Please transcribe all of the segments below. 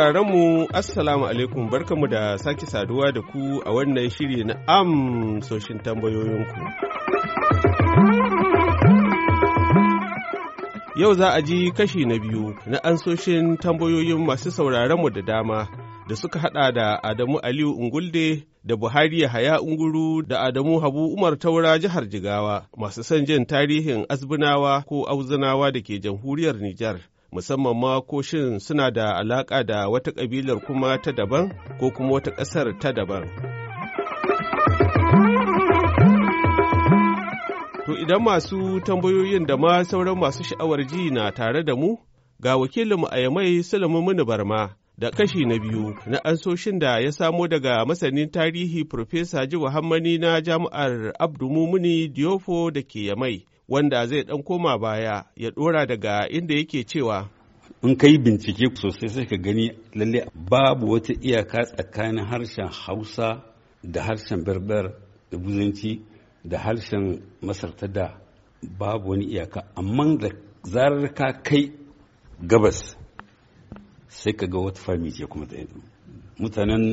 sauraronmu Assalamu alaikum barkamu da sake saduwa da ku a wannan shiri na amsoshin tambayoyinku. Yau za a ji kashi na biyu na ansoshin tambayoyin masu sauraronmu da dama da suka hada da Adamu Aliyu Ungulde da Buhari Yahaya Unguru da Adamu Habu Umar Taura jihar Jigawa masu son jin tarihin azbunawa ko auzunawa da ke jamhuriyar Nijar. musamman ma ko shin suna da alaƙa da wata ƙabilar kuma ta daban ko kuma wata ƙasar ta daban. To idan masu tambayoyin da ma sauran masu sha'awar ji na tare da mu, ga wakilinmu a Yamai Sulaimu Barma da kashi na biyu na ansoshin da ya samo daga masanin tarihi Profesa Jibu Hammani na Jami'ar Abdu Mumuni Diofo da ke Yamai. wanda zai ɗan koma baya ya ɗora daga inda yake cewa in ka yi bincike sosai sai ka gani lalle babu wata iyaka tsakanin harshen hausa da harshen berber da buzanci da harshen masar ta da babu wani iyaka amma da zarar ka kai gabas sai ka ga wata fami kuma ta mutanen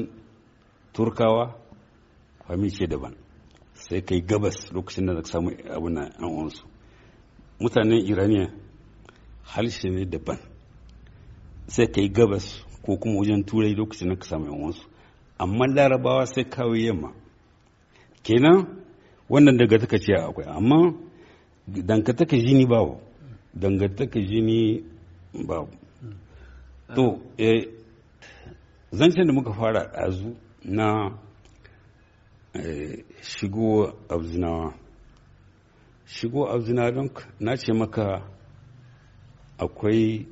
turkawa fami ce daban sai kai gabas lokacin da za ka samu abin na uwansu mutanen iraniya harshe ne daban sai ka yi gabas ko kuma wajen turai lokacin ka samu yawansu amma larabawa sai kawo yamma kenan wannan dangantaka ce akwai amma dangantaka jini babu dangantaka jini babu to eh, zancen da muka fara ɗazu na eh, shigo zinawa. shigo a don na ce maka akwai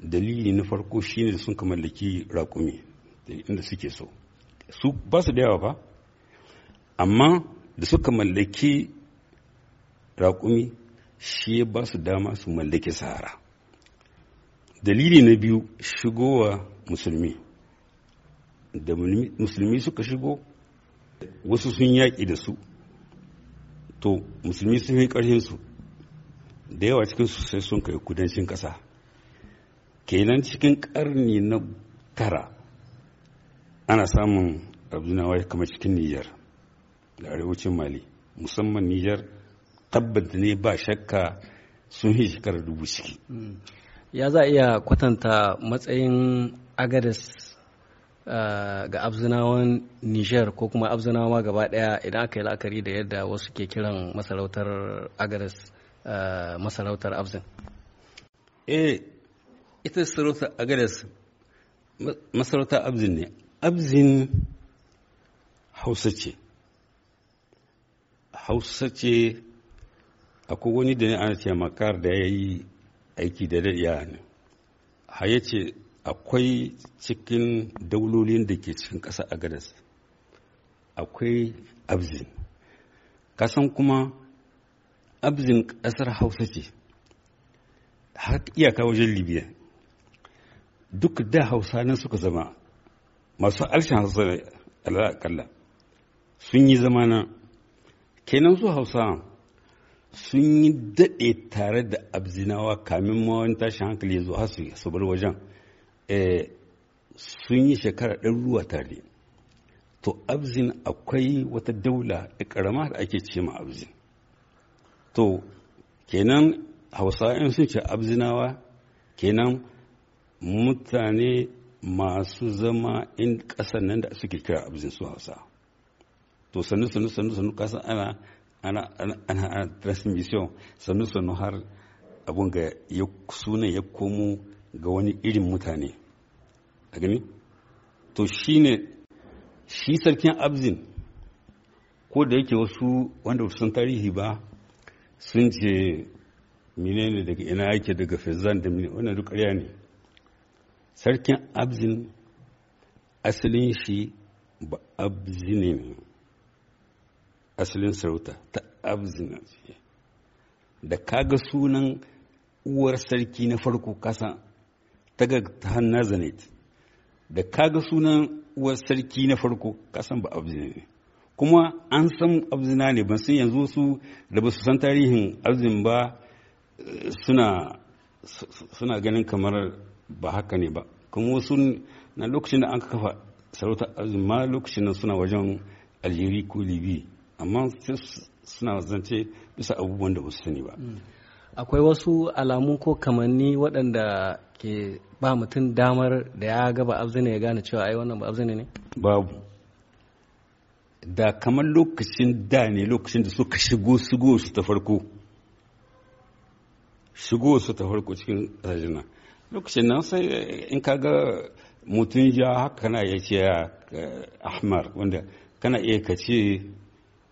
dalili na farko shine da sun ka mallaki raƙumi inda suke so su ba su da ba amma da suka mallaki raƙumi shi ba su dama su mallaki sahara dalili na biyu shigowa musulmi da musulmi suka shigo wasu sun yaƙi da su to musulmi sun yi ƙarfin su da yawa cikin su sai sun kai kudancin ƙasa kenan cikin ƙarni na tara ana samun abdunawa kamar cikin nijar da arewacin mali musamman nijar tabbata ne ba shakka sun yi shekarar dubu ciki ya za a iya kwatanta matsayin agadas Eh, ga abzinawan niger ko kuma abzinawa gaba daya idan aka yi la'akari da yadda wasu ke kiran masarautar agares eh, masarautar abzin eh ita sarautar agares masarautar abzin ne abzin hausa ce hausa ce akwai wani da ne ana ce makar da ya yi aiki da daɗiya ne haya ce akwai cikin daulolin da ke cikin a gadas akwai abzin kasan kuma abzin ƙasar hausa ce har iyaka wajen libya duk da hausa nan suka zama masu alshen hausa ne alaƙalla sun yi zama nan kenan su hausa sun yi daɗe tare da abzinawa kamin ma wani tashin hankali ya zo har su bar wajen Eh, sun yi shekara ɗan ruwa tare to abzin akwai wata daula da ƙarama da ake ce ma abzin to kenan hausa'in sun ce abzinawa kenan mutane masu zama in ƙasar nan da suke kira abzin su hausa to sannu sannu sannu sannu kasan ana ana ana transmission sannu sannu har abun ga sunan ya komo ga wani irin mutane a gani to shi ne shi sarkin abzin ko da yake wasu wanda sun tarihi ba sun ce menene daga ina yake daga fezzan da mine wannan duk ƙarya ne sarkin abzin asalin shi ba abzine ne asalin sarauta ta abzina da kaga sunan uwar sarki na farko kasan tagar ta hanna zanet da kaga sunan uwar sarki na farko kasan ba abzina ne kuma an san abzina ne ban san yanzu su da ba su san tarihin abzin ba eh, suna ganin kamar ba haka ne ba kuma sun na lokacin da an kafa sarauta abzin ma lokacin da suna wajen aljeri ko libi amma suna zance bisa abubuwan da ba su sani ba mm. akwai wasu alamu ko kamanni waɗanda ke ba mutum damar da ya ga ba abzane ya gane cewa ai wannan ba abzane ne babu da kamar lokacin da ne lokacin da suka shigo shigo su ta farko shigo su ta farko cikin rajina lokacin nan sai in ka ga mutum ya haka kana iya ce eh, ahmar wanda kana iya ka ce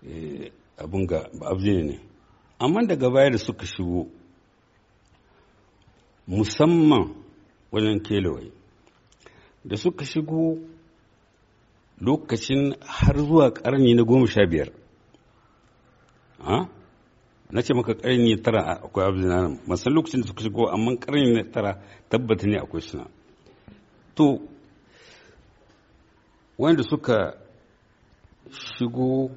eh, abin ga abzine ne amma daga baya da suka shigo musamman wajen kelewai da suka shigo lokacin har zuwa karni na goma sha biyar na ce maka karni tara akwai abin masan lokacin da suka shigo amma karni na tara tabbata ne akwai suna to wanda suka shigo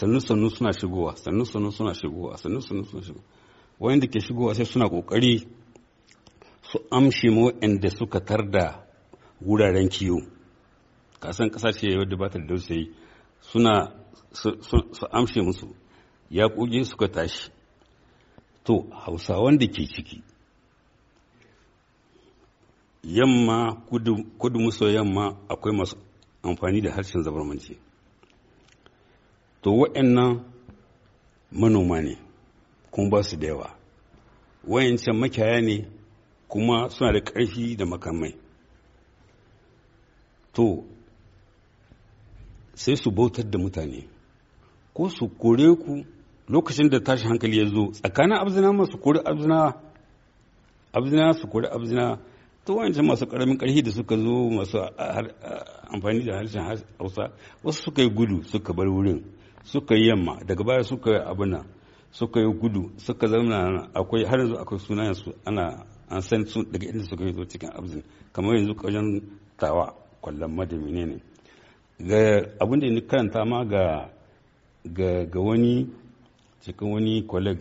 sannu sannu suna shigowa sannu sannu suna shigowa sannu sannu suna shigowa wanda ke shigowa sai suna kokari su amshe mu inda suka tarda wuraren kiwo kasan ce wadda ba ta da dausayi suna su amshe musu ya kuge suka tashi to Hausa wanda ke ciki yamma kudu maso yamma akwai masu amfani da harshen zabarmanci to waɗannan manoma ne kuma ba su da yawa wayancan makiyaya ne kuma suna da ƙarfi da makamai to sai su bautar da mutane ko su kore ku lokacin da tashi hankali ya zo tsakanin abzina masu kori abzina abzina su kori abzina to wancan masu karamin karfi da suka zo masu ah, ah, amfani da harshen hausa wasu suka yi gudu suka bar wurin suka yi yamma daga baya suka yi abuna suka yi gudu suka zama akwai har yanzu akwai sunayen su ana an san su daga inda suka yi zo cikin abzin kamar yanzu kajan tawa kwallon madami ne ne ga abinda da ni karanta ma ga ga wani cikin wani kwaleg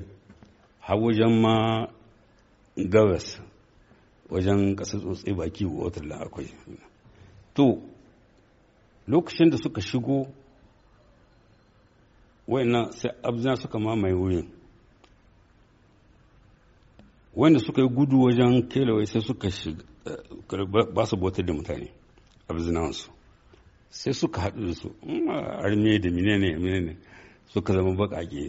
har wajen ma gabas wajen kasar tsotsi baki waterla akwai to lokacin da suka shigo wayannan sai abzina suka mamaye wurin wanda suka yi gudu wajen kelewa sai suka shiga eh, ba su bautar da mutane abzinansu sai suka haɗu da su mm, arme da mine ne suka zama baƙaƙe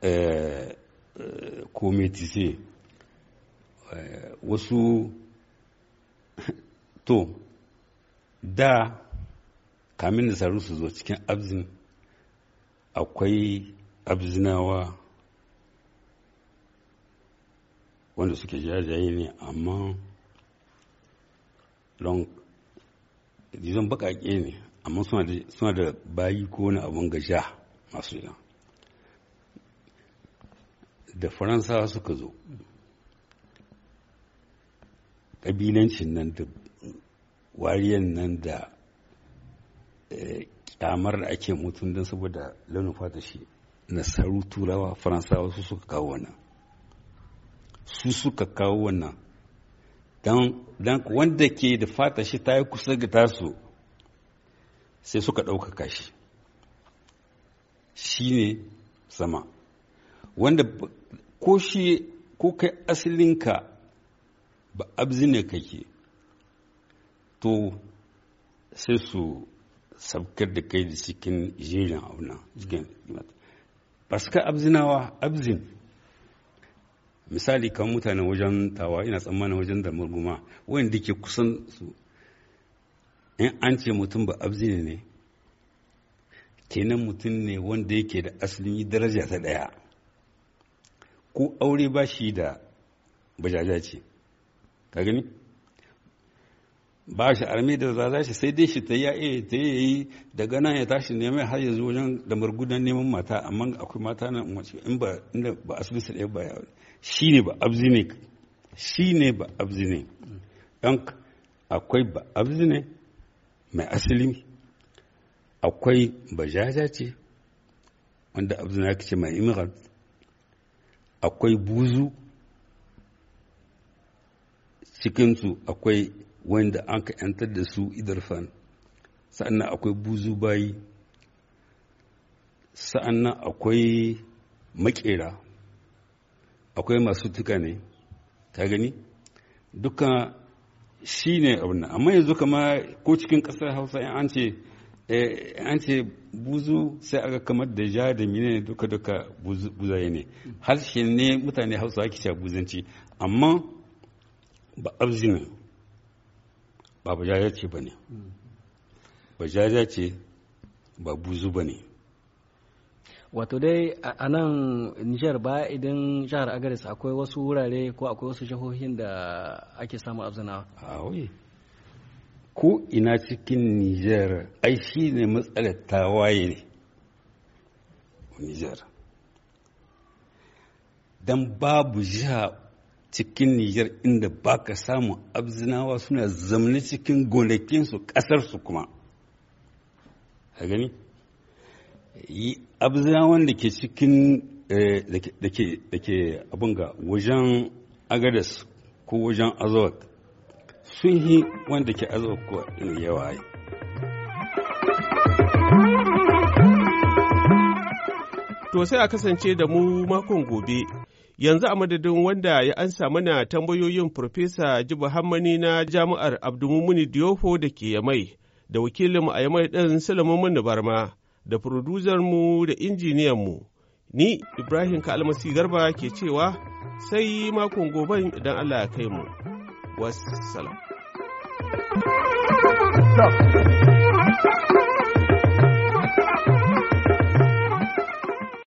eh, eh, ko metise wasu to da kamin da saru su zo cikin abzin akwai abzinawa wanda suke jajaye ne amma don dizon bakake ne amma suna da bayi ko wani abin gaja masu yana da faransa suka zo ƙabilancin nan da wariyan nan da eh, damar da ake mutum don saboda launin fata shi nasaru turawa faransawa su suka kawo wannan su suka kawo wannan don wanda ke da fata shi ta yi kusa ga tasu sai suka ɗaukaka shi shi ne sama wanda ko shi ko kai asilinka ba abzi ne kake to sai su sabkar da kai da cikin jerin abu nan baska abzinawa abzin misali kan mutane wajen tawa ina tsammanin wajen da murguma wanda ke kusan su in an ce mutum ba abzin ne kenan mutum ne wanda yake da asalin daraja ta ɗaya ko aure ba shi da bajaja ce ka gani ba shi armi da za shi sai dai shi ta yi iya eh, ta yi daga nan ya tashi neman har ya zo wajen da margudan neman mata amma akwai mata nan umarci in ba inda ba asibiti ɗaya ba yawo shi ne ba abzi ne shi ne ba abzi ne akwai ba abzi ne mai asali akwai ba jaja ce wanda abzi na ce mai imirat akwai buzu cikinsu akwai wanda an ka 'yantar da su idarfan sa'annan akwai buzu bayi sa'annan akwai makera akwai masu tuka ne ta gani duka shi ne abin amma yanzu kama ko cikin kasar hausa an ce eh, an ce buzu sai aga kamar da ja da mine duka duka buzaye ne harshe ne mutane hausa ake cewa buzanci amma ba abzinin ba bajaja ce ba ne bajaja ce ba buzu ba ne wato dai a nan nijar ba idan jihar agaris akwai wasu wurare ko akwai wasu jihohin da ake samun a awai ko ina cikin nijar ai shi ne matsalar tawaye ne nijar don babu jiha cikin niger inda baka samu abzinawa suna zamne cikin gonakinsu ƙasarsu kuma. A gani? Abzinawan da ke cikin eh, da ke abin ga wajen agadas ko wajen azawak sun yi wanda ke azawak ko yawa yi. To sai a kasance da mu makon gobe Yanzu a madadin wanda ya ansa mana tambayoyin Farfesa Jibu Hammani na Jami'ar Abdulmumuni diofo da ke Yamai, da wakilin a Yamai ɗin Sulaiman Barma, da mu da injiniyanmu. Ni Ibrahim Kalmasi Garba ke cewa sai makon gobe, idan Allah ya kai mu. Wassalam.